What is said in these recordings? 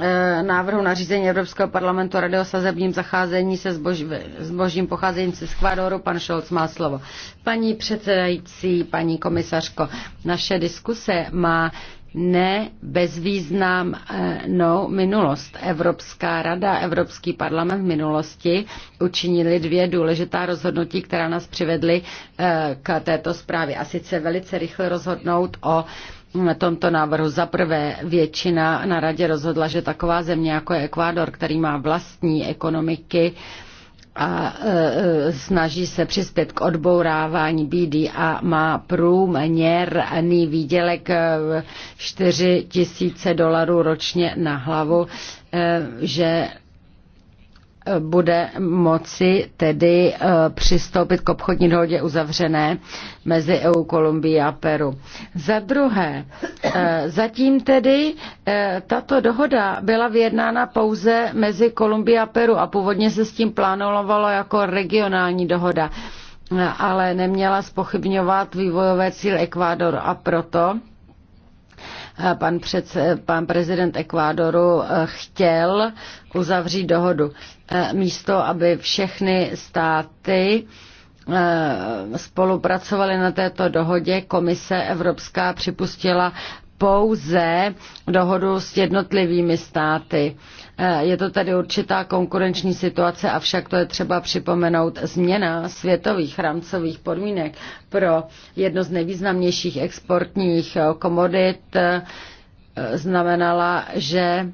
Eh, návrhu nařízení Evropského parlamentu Rady o sazebním zacházení se zboží, zbožím pocházením ze Skvadoru. Pan Šolc má slovo. Paní předsedající, paní komisařko, naše diskuse má ne bezvýznamnou minulost. Evropská rada, Evropský parlament v minulosti učinili dvě důležitá rozhodnutí, která nás přivedly eh, k této zprávě. A sice velice rychle rozhodnout o na tomto návrhu. Za prvé, většina na radě rozhodla, že taková země jako je Ekvádor, který má vlastní ekonomiky, a e, e snaží se přispět k odbourávání BD a má průměrný výdělek 4 e, tisíce dolarů ročně na hlavu, e, že bude moci tedy eh, přistoupit k obchodní dohodě uzavřené mezi EU, Kolumbií a Peru. Za druhé, eh, zatím tedy eh, tato dohoda byla vyjednána pouze mezi Kolumbií a Peru a původně se s tím plánovalo jako regionální dohoda, ale neměla spochybňovat vývojové cíl Ekvádor a proto Eh, pan, před, eh, pan prezident Ekvádoru eh, chtěl uzavřít dohodu. Místo, aby všechny státy spolupracovali na této dohodě, komise Evropská připustila pouze dohodu s jednotlivými státy. E, je to tedy určitá konkurenční situace, avšak to je třeba připomenout změna světových rámcových podmínek pro jedno z nejvýznamnějších exportních e, komodit e, znamenala, že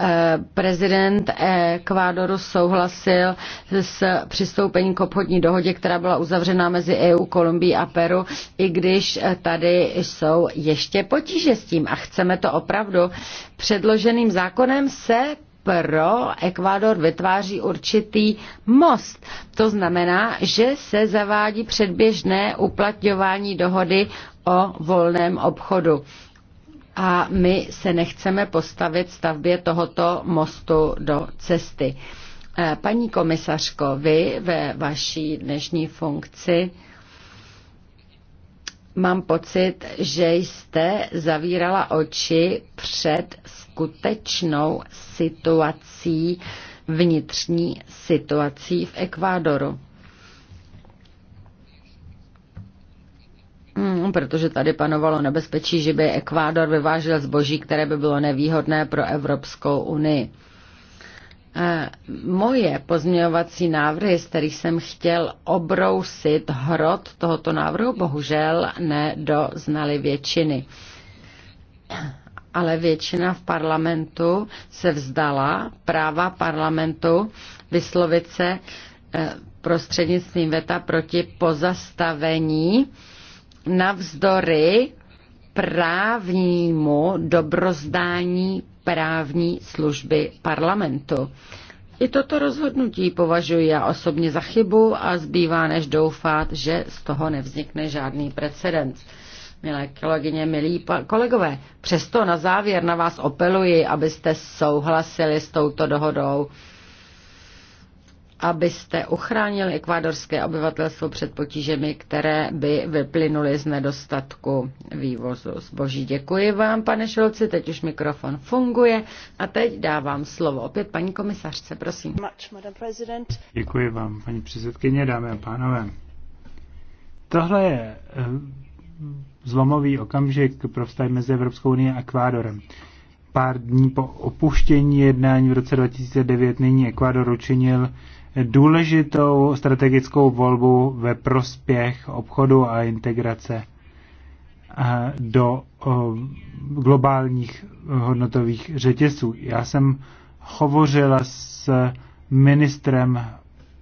Eh, prezident Ekvádoru souhlasil s přistoupením k obchodní dohodě, která byla uzavřena mezi EU, Kolumbií a Peru, i když eh, tady jsou ještě potíže s tím a chceme to opravdu. Předloženým zákonem se pro Ekvádor vytváří určitý most. To znamená, že se zavádí předběžné uplatňování dohody o volném obchodu a my se nechceme postavit stavbě tohoto mostu do cesty. E, paní komisařko, vy ve vaší dnešní funkci mám pocit, že jste zavírala oči před skutečnou situací, vnitřní situací v Ekvádoru. Hmm, protože tady panovalo nebezpečí, že by Ekvádor vyvážel zboží, které by bylo nevýhodné pro Evropskou unii. Eh, moje pozměňovací návrhy, z kterých jsem chtěl obrousit hrot tohoto návrhu, bohužel nedoznali většiny. Ale většina v parlamentu se vzdala práva parlamentu vyslovit se eh, prostřednictvím VETA proti pozastavení navzdory právnímu dobrozdání právní služby parlamentu. I toto rozhodnutí považuji já osobně za chybu a zbývá než doufat, že z toho nevznikne žádný precedens. Milé kolegyně, milí kolegové, přesto na závěr na vás apeluji, abyste souhlasili s touto dohodou abyste ochránili ekvádorské obyvatelstvo před potížemi, které by vyplynuly z nedostatku vývozu zboží. Děkuji vám, pane Šolci, teď už mikrofon funguje a teď dávám slovo opět paní komisařce, prosím. Děkuji vám, paní předsedkyně, dámy a pánové. Tohle je eh, zlomový okamžik pro vztahy mezi Evropskou unii a Ekvádorem pár dní po opuštění jednání v roce 2009 nyní Ekvádor učinil důležitou strategickou volbu ve prospěch obchodu a integrace eh, do eh, globálních hodnotových řetězů. Já jsem hovořila s ministrem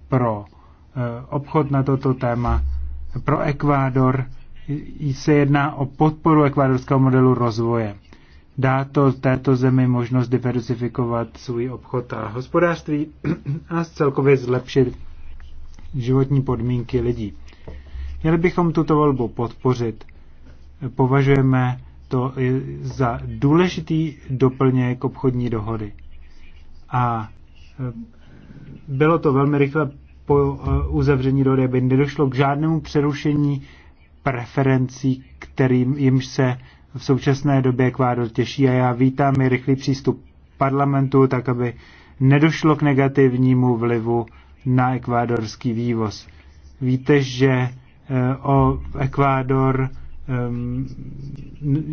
pro eh, obchod na toto téma pro Ekvádor. Se jedná o podporu ekvádorského modelu rozvoje dá to této zemi možnost diversifikovat svůj obchod a hospodářství a celkově zlepšit životní podmínky lidí. Měli bychom tuto volbu podpořit. Považujeme to za důležitý doplněk obchodní dohody. A e, bylo to velmi rychle po e, uzavření dohody, aby nedošlo k žádnému přerušení preferencí, kterým jimž se v současné době Ekvádor těší a já vítám i rychlý přístup parlamentu, tak aby nedošlo k negativnímu vlivu na ekvádorský vývoz. Víte, že eh, o Ekvádor, ehm,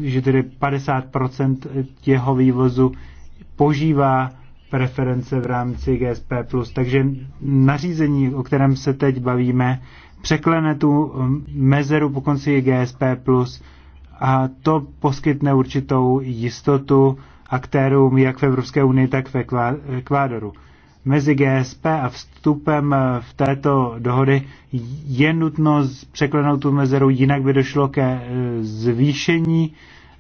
že tedy 50% jeho vývozu požívá preference v rámci GSP+. Takže nařízení, o kterém se teď bavíme, překlene tu ehm, mezeru po konci GSP+, a to poskytne určitou jistotu aktérům jak v Evropské unii, tak v Ekvádoru. Mezi GSP a vstupem v této dohody je nutno překlenout tu mezeru, jinak by došlo ke eh, zvýšení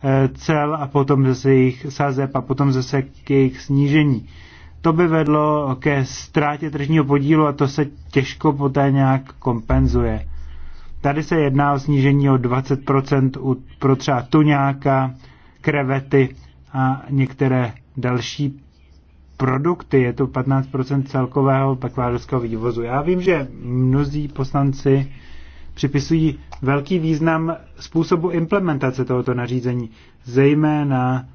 eh, cel a potom zase jejich sazeb a potom zase k jejich snížení. To by vedlo ke ztrátě tržního podílu a to se těžko poté nějak kompenzuje. Tady se jedná o snížení o 20% u, pro třeba tuňáka, krevety a některé další produkty. Je to 15% celkového baklářského vývozu. Já vím, že mnozí poslanci připisují velký význam způsobu implementace tohoto nařízení, zejména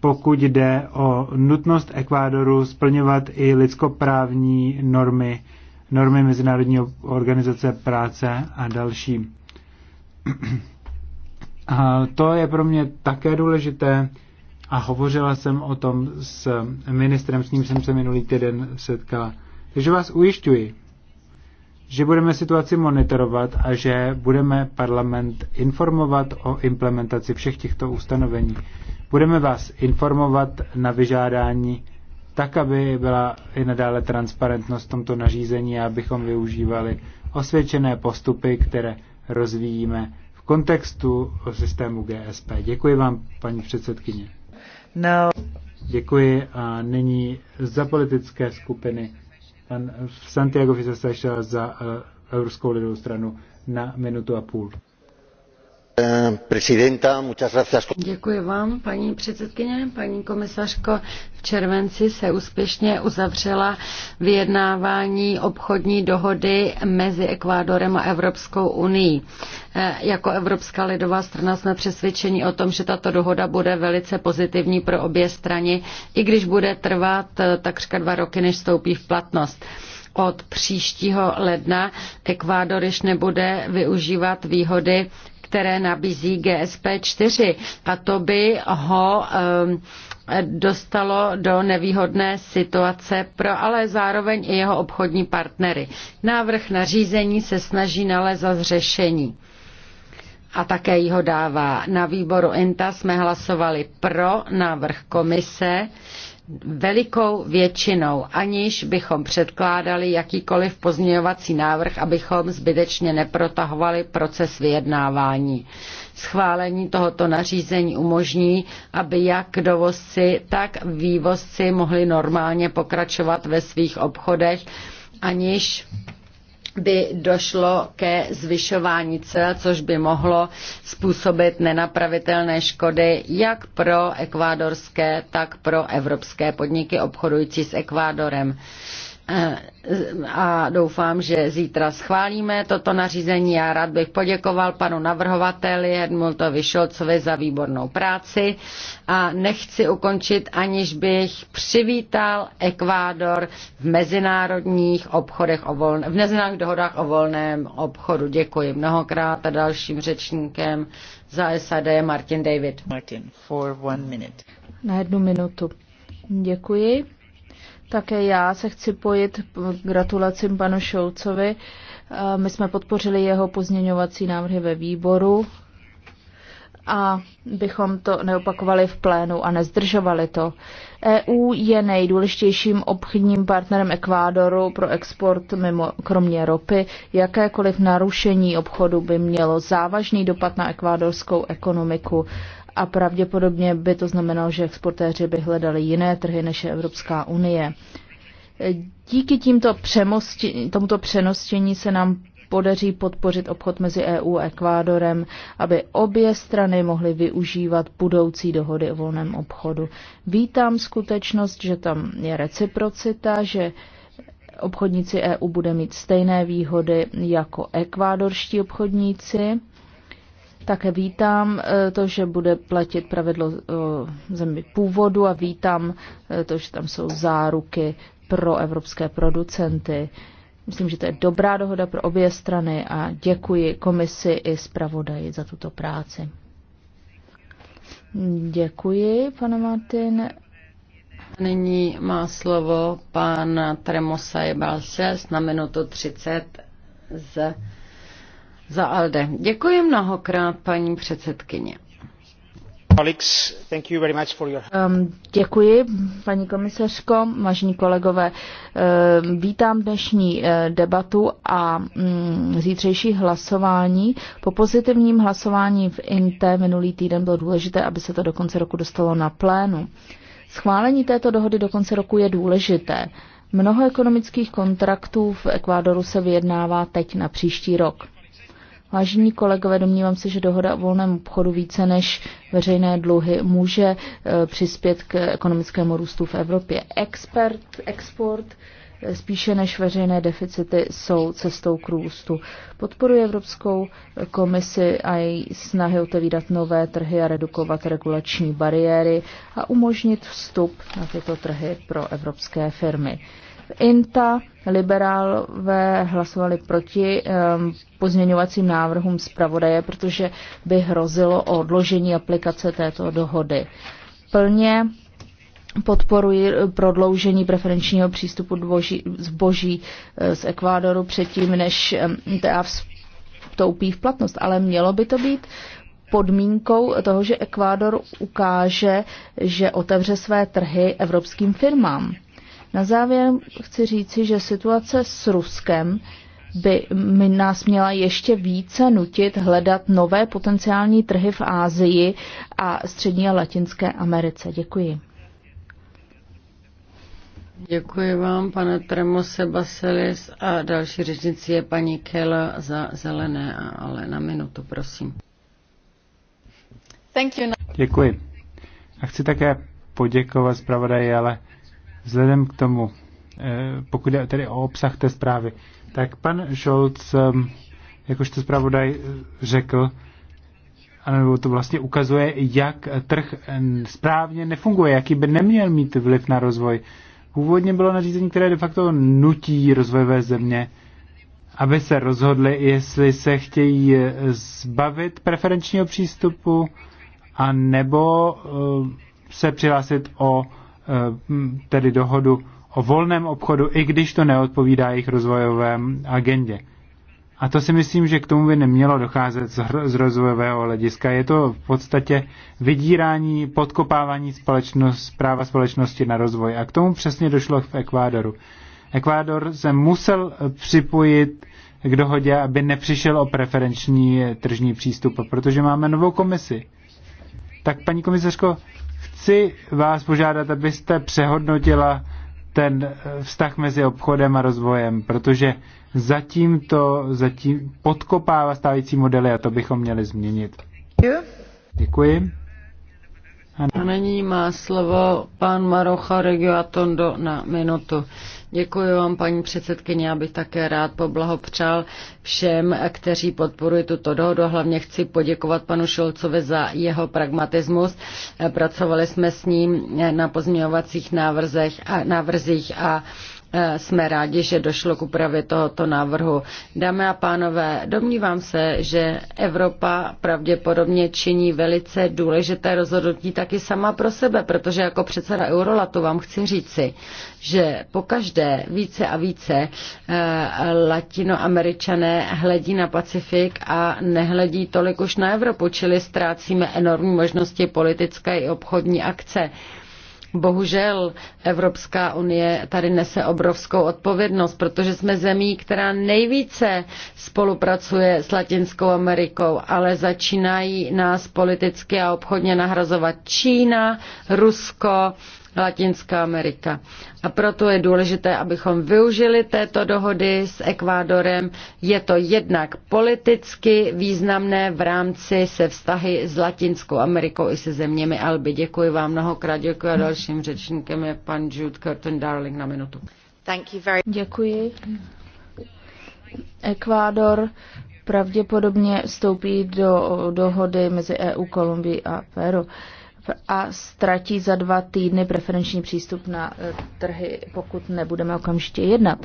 pokud jde o nutnost Ekvádoru splňovat i lidskoprávní normy normy Mezinárodní organizace práce a další. A to je pro mě také důležité a hovořila jsem o tom s ministrem, s ním jsem se minulý týden setkala. Takže vás ujišťuji, že budeme situaci monitorovat a že budeme parlament informovat o implementaci všech těchto ustanovení. Budeme vás informovat na vyžádání tak, aby byla i nadále transparentnost v tomto nařízení a abychom využívali osvědčené postupy, které rozvíjíme v kontextu systému GSP. Děkuji vám, paní předsedkyně. No. Děkuji a nyní za politické skupiny pan Santiago se za eh, Evropskou lidovou stranu na minutu a půl. Děkuji vám, paní předsedkyně, paní komisařko. V červenci se úspěšně uzavřela vyjednávání obchodní dohody mezi Ekvádorem a Evropskou unií. E, jako Evropská lidová strana jsme přesvědčeni o tom, že tato dohoda bude velice pozitivní pro obě strany, i když bude trvat e, takřka dva roky, než stoupí v platnost od příštího ledna Ekvádor již nebude využívat výhody které nabízí GSP 4 a to by ho ehm, dostalo do nevýhodné situace pro ale zároveň i jeho obchodní partnery. Návrh nařízení se snaží nalézat řešení a také ji ho dává. Na výboru INTA jsme hlasovali pro návrh komise velikou většinou, aniž bychom předkládali jakýkoliv pozměňovací návrh, abychom zbytečně neprotahovali proces vyjednávání. Schválení tohoto nařízení umožní, aby jak dovozci, tak vývozci mohli normálně pokračovat ve svých obchodech, aniž by došlo ke zvyšování cel, což by mohlo způsobit nenapravitelné škody jak pro ekvádorské, tak pro evropské podniky obchodující s Ekvádorem a doufám, že zítra schválíme toto nařízení. Já rád bych poděkoval panu navrhovateli Edmultovi Šolcovi za výbornou práci a nechci ukončit, aniž bych přivítal Ekvádor v mezinárodních obchodech o volné, v mezinárodních dohodách o volném obchodu. Děkuji mnohokrát a dalším řečníkem za SAD je Martin David. Martin, for one minute. Na jednu minutu. Děkuji. Také já se chci pojit gratulacím panu Šolcovi. My jsme podpořili jeho pozměňovací návrhy ve výboru a bychom to neopakovali v plénu a nezdržovali to. EU je nejdůležitějším obchodním partnerem Ekvádoru pro export mimo, kromě ropy. Jakékoliv narušení obchodu by mělo závažný dopad na ekvádorskou ekonomiku a pravděpodobně by to znamenalo, že exportéři by hledali jiné trhy než je Evropská unie. Díky tímto přemosti, tomuto přenostění se nám podaří podpořit obchod mezi EU a Ekvádorem, aby obě strany mohly využívat budoucí dohody o volném obchodu. Vítám skutečnost, že tam je reciprocita, že obchodníci EU bude mít stejné výhody jako ekvádorští obchodníci také vítám eh, to, že bude platit pravidlo eh, zemi původu a vítám eh, to, že tam jsou záruky pro evropské producenty. Myslím, že to je dobrá dohoda pro obě strany a děkuji komisi i zpravodaji za tuto práci. Děkuji, pane Martin. Nyní má slovo pan Tremosa Jebalse na minutu 30 z za ALDE. Děkuji mnohokrát, paní předsedkyně. Um, děkuji, paní komisařko, vážení kolegové. Um, vítám dnešní uh, debatu a mm, zítřejší hlasování. Po pozitivním hlasování v INTE minulý týden bylo důležité, aby se to do konce roku dostalo na plénu. Schválení této dohody do konce roku je důležité. Mnoho ekonomických kontraktů v Ekvádoru se vyjednává teď na příští rok. Vážení kolegové, domnívám se, že dohoda o volném obchodu více než veřejné dluhy může eh, přispět k ekonomickému růstu v Evropě. Expert, export eh, spíše než veřejné deficity jsou cestou k růstu. Podporuje Evropskou komisi a její snahy otevírat nové trhy a redukovat regulační bariéry a umožnit vstup na tyto trhy pro evropské firmy. INTA liberálové hlasovali proti um, pozměňovacím návrhům zpravodaje, protože by hrozilo o odložení aplikace této dohody. Plně podporuji prodloužení preferenčního přístupu dvoží, zboží e, z Ekvádoru předtím, než ehm, TA vstoupí v platnost, ale mělo by to být podmínkou toho, že Ekvádor ukáže, že otevře své trhy evropským firmám. Na závěr chci říci, že situace s Ruskem by nás měla ještě více nutit hledat nové potenciální trhy v Ázii a Střední a Latinské Americe. Děkuji. Děkuji vám, pane Tremo Sebaselis. A další řečnici je paní Kela za zelené, ale na minutu, prosím. Thank you. Děkuji. A chci také poděkovat zpravodaji, ale Vzhledem k tomu, eh, pokud je tedy o obsah té zprávy, tak pan Scholz, ehm, jakožto zpravodaj eh, řekl, anebo to vlastně ukazuje, jak trh správně nefunguje, jaký by neměl mít vliv na rozvoj. Původně bylo nařízení, které de facto nutí rozvojové země, aby se rozhodli, jestli se chtějí eh, zbavit preferenčního přístupu, a nebo se přihlásit o Eh, tedy dohodu o volném obchodu, i když to neodpovídá jejich rozvojové agendě. A to si myslím, že k tomu by nemělo docházet z rozvojového hlediska. Je to v podstatě vydírání, podkopávání společnost, práva společnosti na rozvoj. A k tomu přesně došlo v Ekvádoru. Ekvádor se musel eh, připojit k dohodě, aby nepřišel o preferenční tržní přístup, protože máme novou komisi. Tak paní komisařko, Chci vás požádat, abyste přehodnotila ten vztah mezi obchodem a rozvojem, protože zatím to zatím podkopává stávající modely a to bychom měli změnit. Děkuji. A nyní má slovo pan Marocha Regiatondo na minutu. Děkuji vám, paní předsedkyně, já bych také rád poblahopřál všem, kteří podporují tuto dohodu. Hlavně chci poděkovat panu Šolcovi za jeho pragmatismus. Pracovali jsme s ním na pozměňovacích návrzech a, návrzích a Eh, jsme rádi, že došlo k úpravě tohoto návrhu. Dámy a pánové, domnívám se, že Evropa pravděpodobně činí velice důležité rozhodnutí taky sama pro sebe, protože jako předseda Eurolatu vám chci říci, že pokaždé více a více eh, latinoameričané hledí na Pacifik a nehledí tolik už na Evropu, čili ztrácíme enormní možnosti politické i obchodní akce. Bohužel Evropská unie tady nese obrovskou odpovědnost, protože jsme zemí, která nejvíce spolupracuje s Latinskou Amerikou, ale začínají nás politicky a obchodně nahrazovat Čína, Rusko, Latinská Amerika. A proto je důležité, abychom využili této dohody s Ekvádorem. Je to jednak politicky významné v rámci se vztahy s Latinskou Amerikou i se zeměmi Alby. Děkuji vám mnohokrát. Děkuji a dalším řečníkem je pan Jude Curtin Darling na minutu. Děkuji. Ekvádor pravděpodobně vstoupí do dohody mezi EU, Kolumbií a Peru a ztratí za dva týdny preferenční přístup na eh, trhy, pokud nebudeme okamžitě jednat.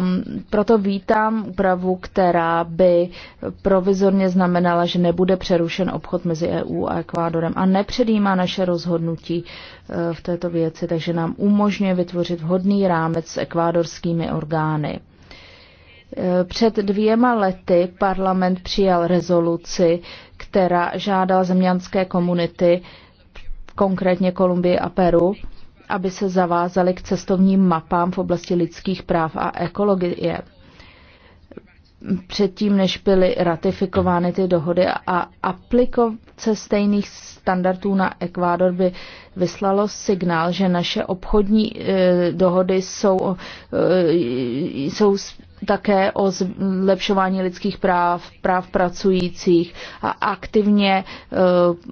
Um, proto vítám úpravu, která by provizorně znamenala, že nebude přerušen obchod mezi EU a Ekvádorem a nepředjímá naše rozhodnutí uh, v této věci, takže nám umožňuje vytvořit vhodný rámec s ekvádorskými orgány. Eh, před dvěma lety parlament přijal rezoluci, která žádala zeměnské komunity, konkrétně Kolumbii a Peru, aby se zavázali k cestovním mapám v oblasti lidských práv a ekologie. Předtím, než byly ratifikovány ty dohody a apliko, Aplikace stejných standardů na Ekvádor by vyslalo signál, že naše obchodní e, dohody jsou, e, jsou také o zlepšování lidských práv, práv pracujících a aktivně eh,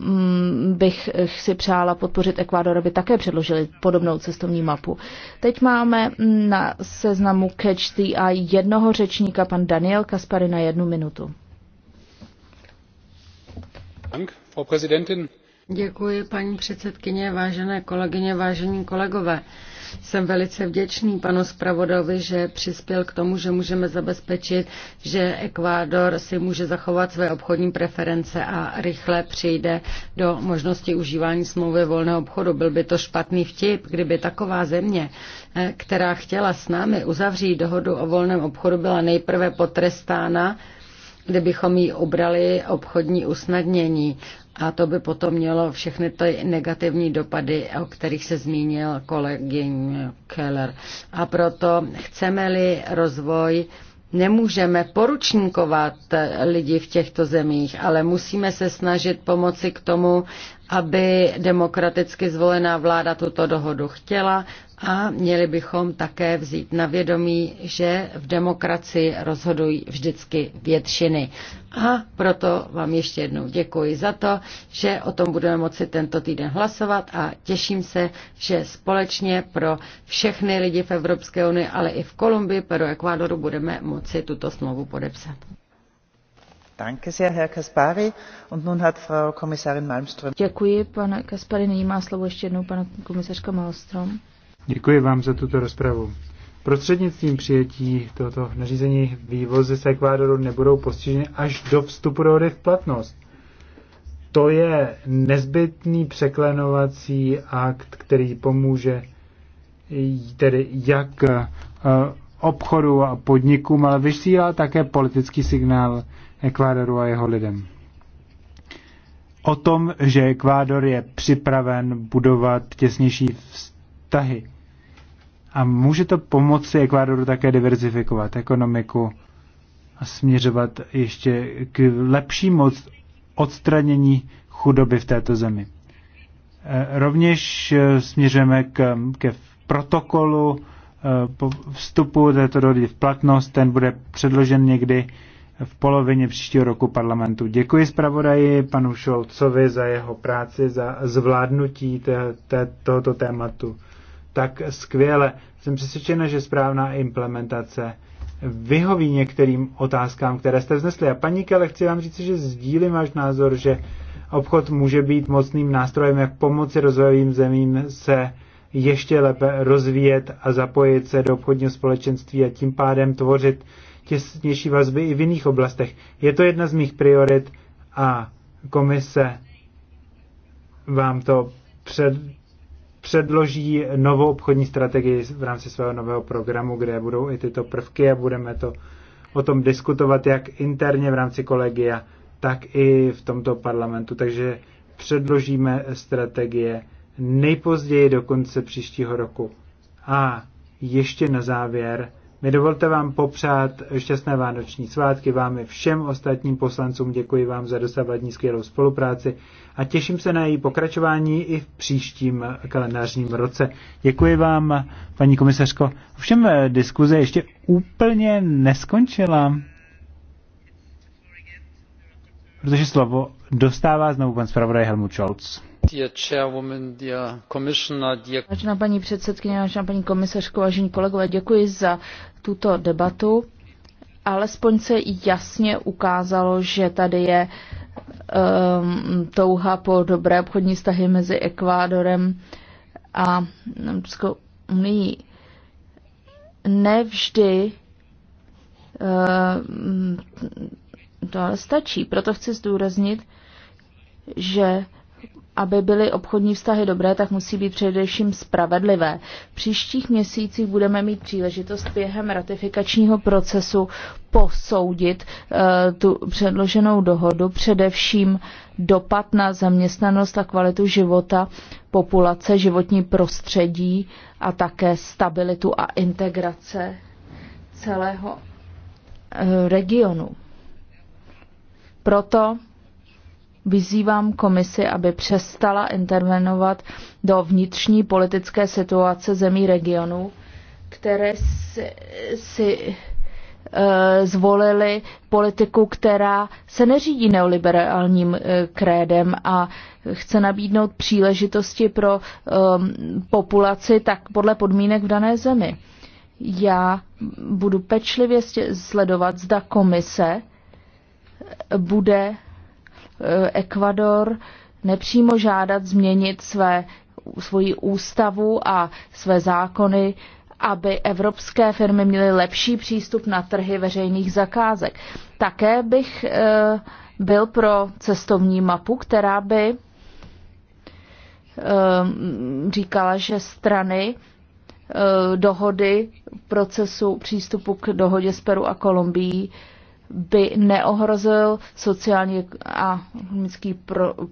mm, bych si přála podpořit Ekvádor, aby také předložili podobnou cestovní mapu. Teď máme na seznamu Catch the Eye jednoho řečníka, pan Daniel Kaspary na jednu minutu. Děkuji, paní předsedkyně, vážené kolegyně, vážení kolegové. Jsem velice vděčný panu zpravodovi, že přispěl k tomu, že můžeme zabezpečit, že Ekvádor si může zachovat své obchodní preference a rychle přijde do možnosti užívání smlouvy volného obchodu. Byl by to špatný vtip, kdyby taková země, eh, která chtěla s námi uzavřít dohodu o volném obchodu, byla nejprve potrestána kdybychom jí obrali obchodní usnadnění. A to by potom mělo všechny ty negativní dopady, o kterých se zmínil kolegyň Keller. A proto chceme-li rozvoj, nemůžeme poručníkovat lidi v těchto zemích, ale musíme se snažit pomoci k tomu, aby demokraticky zvolená vláda tuto dohodu chtěla, a měli bychom také vzít na vědomí, že v demokracii rozhodují vždycky většiny. A proto vám ještě jednou děkuji za to, že o tom budeme moci tento týden hlasovat a těším se, že společně pro všechny lidi v Evropské unii, ale i v Kolumbii, Peru, Ekvádoru budeme moci tuto smlouvu podepsat. Děkuji, pane Kaspari. Nyní má slovo ještě jednou pana komisařka Malmström. Děkuji vám za tuto rozpravu. Prostřednictvím přijetí tohoto nařízení vývozy z Ekvádoru nebudou postiženy až do vstupu dohody v platnost. To je nezbytný překlenovací akt, který pomůže tedy jak eh, obchodu a podnikům, ale vysílá také politický signál Ekvádoru a jeho lidem. O tom, že Ekvádor je připraven budovat těsnější vztahy a může to pomoci Ekvádoru také diverzifikovat ekonomiku a směřovat ještě k lepšímu odstranění chudoby v této zemi. E, rovněž e, směřujeme k, ke protokolu e, po vstupu této dohody v platnost. Ten bude předložen někdy v polovině příštího roku parlamentu. Děkuji zpravodaji panu Šolcovi za jeho práci, za zvládnutí tohoto tématu tak skvěle. Jsem přesvědčena, že správná implementace vyhoví některým otázkám, které jste vznesli. A paní Kele, chci vám říct, že sdílím váš názor, že obchod může být mocným nástrojem, jak pomoci rozvojovým zemím se ještě lépe rozvíjet a zapojit se do obchodního společenství a tím pádem tvořit těsnější vazby i v jiných oblastech. Je to jedna z mých priorit a komise vám to před, předloží novou obchodní strategii v rámci svého nového programu, kde budou i tyto prvky a budeme to o tom diskutovat jak interně v rámci kolegia, tak i v tomto parlamentu. Takže předložíme strategie nejpozději do konce příštího roku. A ještě na závěr mi dovolte vám popřát šťastné vánoční svátky vám i všem ostatním poslancům. Děkuji vám za dosavadní skvělou spolupráci a těším se na její pokračování i v příštím kalendářním roce. Děkuji vám, paní komisařko. Všem, eh, diskuze ještě úplně neskončila, protože slovo dostává znovu pan zpravodaj Helmut Scholz. Vážená paní předsedkyně, vážená paní komisařko, vážení kolegové, děkuji za tuto debatu. Alespoň se jasně ukázalo, že tady je um, touha po dobré obchodní vztahy mezi Ekvádorem a Evropskou unii. Nevždy um, to ale stačí. Proto chci zdůraznit, že aby byly obchodní vztahy dobré, tak musí být především spravedlivé. V příštích měsících budeme mít příležitost během ratifikačního procesu posoudit uh, tu předloženou dohodu, především dopad na zaměstnanost a kvalitu života populace, životní prostředí a také stabilitu a integrace celého uh, regionu. Proto Vyzývám komisi, aby přestala intervenovat do vnitřní politické situace zemí regionu, které si, si e, zvolili politiku, která se neřídí neoliberálním e, krédem a chce nabídnout příležitosti pro e, populaci tak podle podmínek v dané zemi. Já budu pečlivě sledovat, zda komise bude Eh, Ekvador nepřímo žádat změnit své, svoji ústavu a své zákony, aby evropské firmy měly lepší přístup na trhy veřejných zakázek. Také bych eh, byl pro cestovní mapu, která by eh, říkala, že strany dohody procesu přístupu k dohodě s Peru a Kolumbií by neohrozil sociální a ekonomický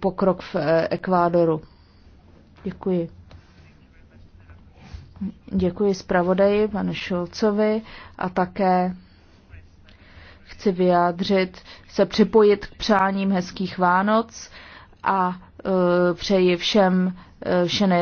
pokrok v eh, Ekvádoru. Děkuji. Děkuji zpravodaji, panu Šulcovi a také chci vyjádřit, se připojit k přáním hezkých Vánoc a uh, přeji všem uh, vše nejlepší.